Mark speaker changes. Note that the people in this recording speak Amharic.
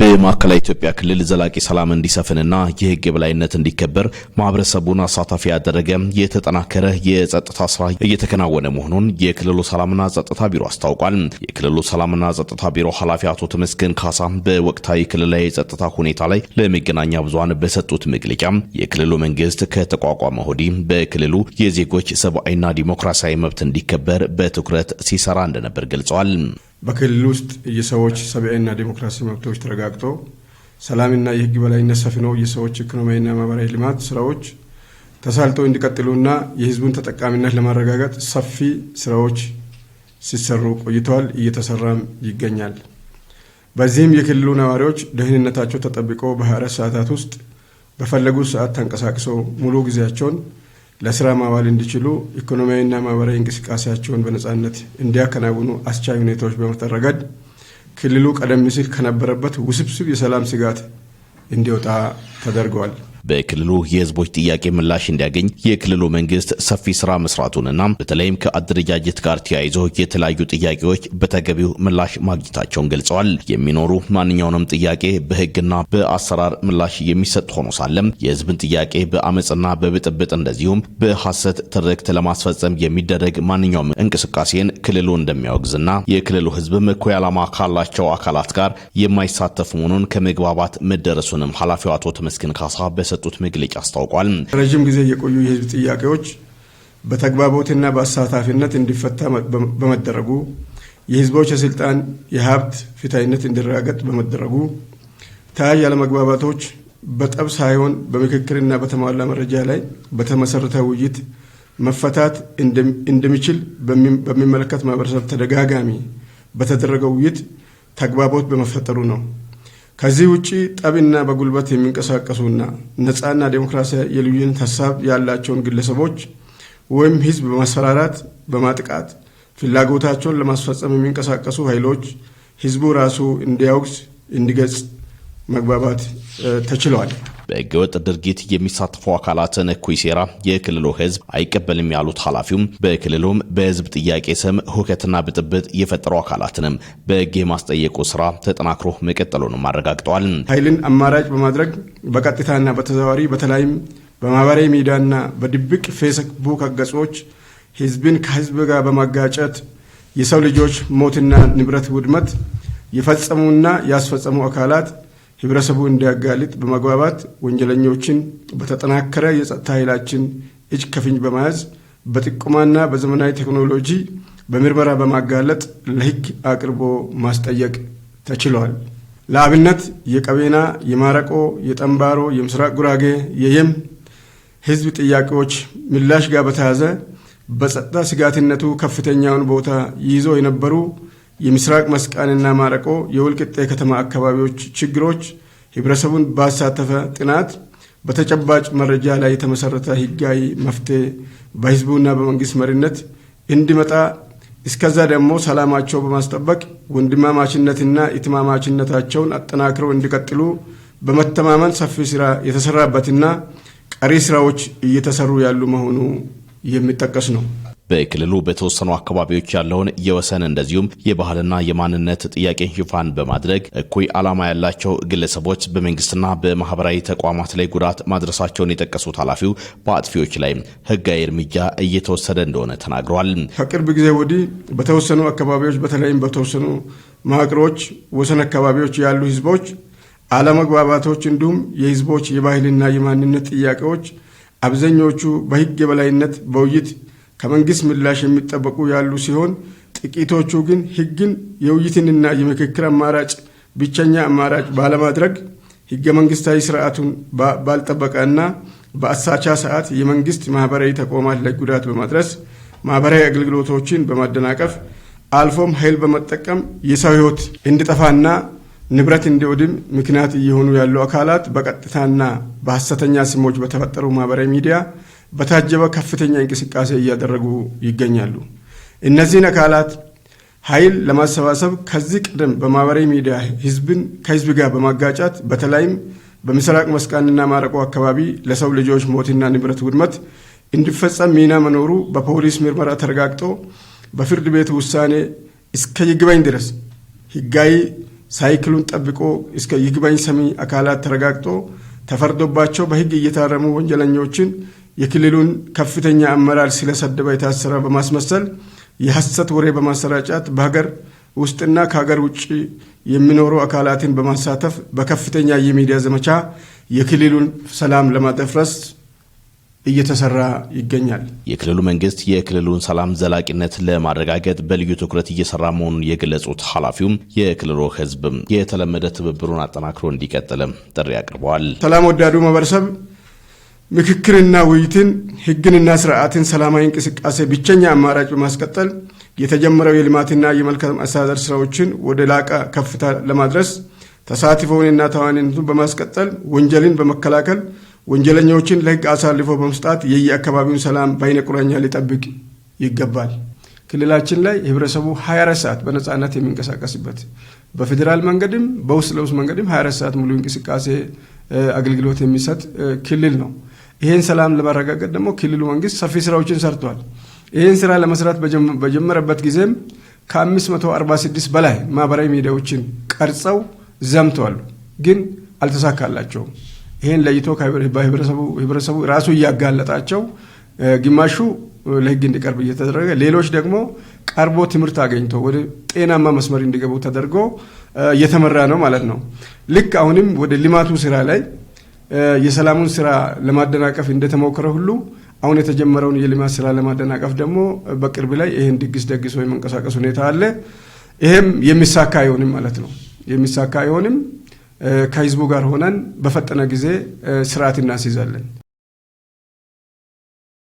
Speaker 1: በማዕከላዊ ኢትዮጵያ ክልል ዘላቂ ሰላም እንዲሰፍንና የህግ የበላይነት እንዲከበር ማህበረሰቡን አሳታፊ ያደረገ የተጠናከረ የጸጥታ ስራ እየተከናወነ መሆኑን የክልሉ ሰላምና ጸጥታ ቢሮ አስታውቋል። የክልሉ ሰላምና ጸጥታ ቢሮ ኃላፊ አቶ ተመስገን ካሳ በወቅታዊ ክልላዊ የጸጥታ ሁኔታ ላይ ለመገናኛ ብዙሃን በሰጡት መግለጫ የክልሉ መንግስት ከተቋቋመ ወዲህ በክልሉ የዜጎች ሰብአዊና ዲሞክራሲያዊ መብት እንዲከበር በትኩረት ሲሰራ እንደነበር ገልጸዋል።
Speaker 2: በክልል ውስጥ የሰዎች ሰብአዊና ዴሞክራሲ መብቶች ተረጋግጦ ሰላምና የህግ በላይነት ሰፍኖ የሰዎች ኢኮኖሚያዊና ማህበራዊ ልማት ስራዎች ተሳልጦ እንዲቀጥሉና የህዝቡን ተጠቃሚነት ለማረጋገጥ ሰፊ ስራዎች ሲሰሩ ቆይተዋል፣ እየተሰራም ይገኛል። በዚህም የክልሉ ነዋሪዎች ደህንነታቸው ተጠብቆ በ24 ሰዓታት ውስጥ በፈለጉት ሰዓት ተንቀሳቅሰው ሙሉ ጊዜያቸውን ለስራ ማዋል እንዲችሉ ኢኮኖሚያዊና ማህበራዊ እንቅስቃሴያቸውን በነፃነት እንዲያከናውኑ አስቻይ ሁኔታዎች በመፍጠር ረገድ ክልሉ ቀደም ሲል ከነበረበት ውስብስብ የሰላም ስጋት እንዲወጣ ተደርገዋል።
Speaker 1: በክልሉ የህዝቦች ጥያቄ ምላሽ እንዲያገኝ የክልሉ መንግስት ሰፊ ስራ መስራቱንና በተለይም ከአደረጃጀት ጋር ተያይዞ የተለያዩ ጥያቄዎች በተገቢው ምላሽ ማግኘታቸውን ገልጸዋል። የሚኖሩ ማንኛውንም ጥያቄ በህግና በአሰራር ምላሽ የሚሰጥ ሆኖ ሳለም የህዝብን ጥያቄ በአመፅና በብጥብጥ እንደዚሁም በሐሰት ትርክት ለማስፈጸም የሚደረግ ማንኛውም እንቅስቃሴን ክልሉ እንደሚያወግዝና የክልሉ ህዝብ እኩይ ዓላማ ካላቸው አካላት ጋር የማይሳተፍ መሆኑን ከመግባባት መደረሱንም ኃላፊው አቶ ተመስገን ካሳ በሰ በሰጡት መግለጫ አስታውቋል።
Speaker 2: ረዥም ጊዜ የቆዩ የህዝብ ጥያቄዎች በተግባቦትና በአሳታፊነት እንዲፈታ በመደረጉ የህዝቦች የስልጣን የሀብት ፍትሐዊነት እንዲረጋገጥ በመደረጉ ተያዥ ያለመግባባቶች በጠብ ሳይሆን በምክክርና በተሟላ መረጃ ላይ በተመሰረተ ውይይት መፈታት እንደሚችል በሚመለከት ማህበረሰብ ተደጋጋሚ በተደረገው ውይይት ተግባቦት በመፈጠሩ ነው። ከዚህ ውጪ ጠብና በጉልበት የሚንቀሳቀሱና ነፃና ዴሞክራሲያዊ የልዩነት ሀሳብ ያላቸውን ግለሰቦች ወይም ህዝብ በማስፈራራት በማጥቃት ፍላጎታቸውን ለማስፈጸም የሚንቀሳቀሱ ኃይሎች ህዝቡ ራሱ እንዲያውግዝ እንዲገጽ መግባባት ተችለዋል።
Speaker 1: በህገወጥ ድርጊት የሚሳተፉ አካላትን እኩይ ሴራ የክልሉ ህዝብ አይቀበልም ያሉት ኃላፊውም በክልሉም በህዝብ ጥያቄ ስም ሁከትና ብጥብጥ የፈጠሩ አካላትንም በህግ የማስጠየቁ ስራ ተጠናክሮ መቀጠሉንም አረጋግጠዋል።
Speaker 2: ኃይልን አማራጭ በማድረግ በቀጥታና በተዘዋዋሪ በተለይም በማህበራዊ ሚዲያና በድብቅ ፌስቡክ ገጾች ህዝብን ከህዝብ ጋር በማጋጨት የሰው ልጆች ሞትና ንብረት ውድመት የፈጸሙና ያስፈጸሙ አካላት ህብረተሰቡ እንዲያጋልጥ በመግባባት ወንጀለኞችን በተጠናከረ የጸጥታ ኃይላችን እጅ ከፍንጅ በመያዝ በጥቁማና በዘመናዊ ቴክኖሎጂ በምርመራ በማጋለጥ ለህግ አቅርቦ ማስጠየቅ ተችሏል። ለአብነት የቀቤና፣ የማረቆ፣ የጠንባሮ፣ የምስራቅ ጉራጌ፣ የየም ህዝብ ጥያቄዎች ምላሽ ጋር በተያዘ በጸጥታ ስጋትነቱ ከፍተኛውን ቦታ ይዞ የነበሩ የምስራቅ መስቃንና ማረቆ የወልቅጤ ከተማ አካባቢዎች ችግሮች ህብረተሰቡን ባሳተፈ ጥናት በተጨባጭ መረጃ ላይ የተመሰረተ ህጋዊ መፍትሄ በህዝቡና በመንግስት መሪነት እንዲመጣ እስከዛ ደግሞ ሰላማቸው በማስጠበቅ ወንድማማችነትና ኢትማማችነታቸውን አጠናክረው እንዲቀጥሉ በመተማመን ሰፊ ስራ የተሰራበትና ቀሪ ስራዎች እየተሰሩ ያሉ መሆኑ የሚጠቀስ ነው።
Speaker 1: በክልሉ በተወሰኑ አካባቢዎች ያለውን የወሰን እንደዚሁም የባህልና የማንነት ጥያቄ ሽፋን በማድረግ እኩይ ዓላማ ያላቸው ግለሰቦች በመንግስትና በማህበራዊ ተቋማት ላይ ጉዳት ማድረሳቸውን የጠቀሱት ኃላፊው በአጥፊዎች ላይ ህጋዊ እርምጃ እየተወሰደ እንደሆነ ተናግረዋል።
Speaker 2: ከቅርብ ጊዜ ወዲህ በተወሰኑ አካባቢዎች በተለይም በተወሰኑ መዋቅሮች ወሰን አካባቢዎች ያሉ ህዝቦች አለመግባባቶች፣ እንዲሁም የህዝቦች የባህልና የማንነት ጥያቄዎች አብዛኞቹ በህግ የበላይነት በውይይት ከመንግስት ምላሽ የሚጠበቁ ያሉ ሲሆን ጥቂቶቹ ግን ህግን የውይይትንና የምክክር አማራጭ ብቸኛ አማራጭ ባለማድረግ ህገ መንግስታዊ ስርዓቱን ባልጠበቀና በአሳቻ ሰዓት የመንግስት ማህበራዊ ተቋማት ላይ ጉዳት በማድረስ ማህበራዊ አገልግሎቶችን በማደናቀፍ አልፎም ኃይል በመጠቀም የሰው ህይወት እንዲጠፋና ንብረት እንዲወድም ምክንያት እየሆኑ ያሉ አካላት በቀጥታና በሐሰተኛ ስሞች በተፈጠሩ ማህበራዊ ሚዲያ በታጀበ ከፍተኛ እንቅስቃሴ እያደረጉ ይገኛሉ። እነዚህን አካላት ኃይል ለማሰባሰብ ከዚህ ቀደም በማህበራዊ ሚዲያ ህዝብን ከህዝብ ጋር በማጋጫት በተለይም በምስራቅ መስቃንና ማረቆ አካባቢ ለሰው ልጆች ሞትና ንብረት ውድመት እንዲፈጸም ሚና መኖሩ በፖሊስ ምርመራ ተረጋግጦ በፍርድ ቤት ውሳኔ እስከ ይግባኝ ድረስ ህጋዊ ሳይክሉን ጠብቆ እስከ ይግባኝ ሰሚ አካላት ተረጋግጦ ተፈርዶባቸው በህግ እየታረሙ ወንጀለኞችን የክልሉን ከፍተኛ አመራር ስለሰደበ የታሰረ በማስመሰል የሐሰት ወሬ በማሰራጫት በሀገር ውስጥና ከሀገር ውጭ የሚኖሩ አካላትን በማሳተፍ በከፍተኛ የሚዲያ ዘመቻ የክልሉን ሰላም ለማደፍረስ እየተሰራ ይገኛል።
Speaker 1: የክልሉ መንግስት የክልሉን ሰላም ዘላቂነት ለማረጋገጥ በልዩ ትኩረት እየሰራ መሆኑን የገለጹት ኃላፊውም የክልሉ ህዝብም የተለመደ ትብብሩን አጠናክሮ እንዲቀጥልም ጥሪ አቅርበዋል።
Speaker 2: ሰላም ወዳዱ ማህበረሰብ ምክክርና ውይይትን፣ ህግንና ስርዓትን ሰላማዊ እንቅስቃሴ ብቸኛ አማራጭ በማስቀጠል የተጀመረው የልማትና የመልካም አስተዳደር ስራዎችን ወደ ላቀ ከፍታ ለማድረስ ተሳትፎውንና ተዋናይነቱን በማስቀጠል ወንጀልን በመከላከል ወንጀለኞችን ለህግ አሳልፎ በመስጣት የየአካባቢውን ሰላም በአይነ ቁራኛ ሊጠብቅ ይገባል። ክልላችን ላይ ህብረተሰቡ 24 ሰዓት በነፃነት የሚንቀሳቀስበት በፌዴራል መንገድም በውስጥ ለውስጥ መንገድም 24 ሰዓት ሙሉ እንቅስቃሴ አገልግሎት የሚሰጥ ክልል ነው። ይህን ሰላም ለማረጋገጥ ደግሞ ክልሉ መንግስት ሰፊ ስራዎችን ሰርቷል። ይህን ስራ ለመስራት በጀመረበት ጊዜም ከ546 በላይ ማህበራዊ ሚዲያዎችን ቀርጸው ዘምተዋል፣ ግን አልተሳካላቸውም። ይህን ለይቶ ህብረተሰቡ ራሱ እያጋለጣቸው ግማሹ ለህግ እንዲቀርብ እየተደረገ ሌሎች ደግሞ ቀርቦ ትምህርት አገኝቶ ወደ ጤናማ መስመር እንዲገቡ ተደርጎ እየተመራ ነው ማለት ነው። ልክ አሁንም ወደ ልማቱ ስራ ላይ የሰላሙን ስራ ለማደናቀፍ እንደተሞከረ ሁሉ አሁን የተጀመረውን የልማት ስራ ለማደናቀፍ ደግሞ በቅርብ ላይ ይህን ድግስ ደግሶ የመንቀሳቀስ ሁኔታ አለ። ይሄም የሚሳካ አይሆንም ማለት ነው። የሚሳካ አይሆንም። ከህዝቡ ጋር ሆነን በፈጠነ ጊዜ ስርዓት እናስይዛለን።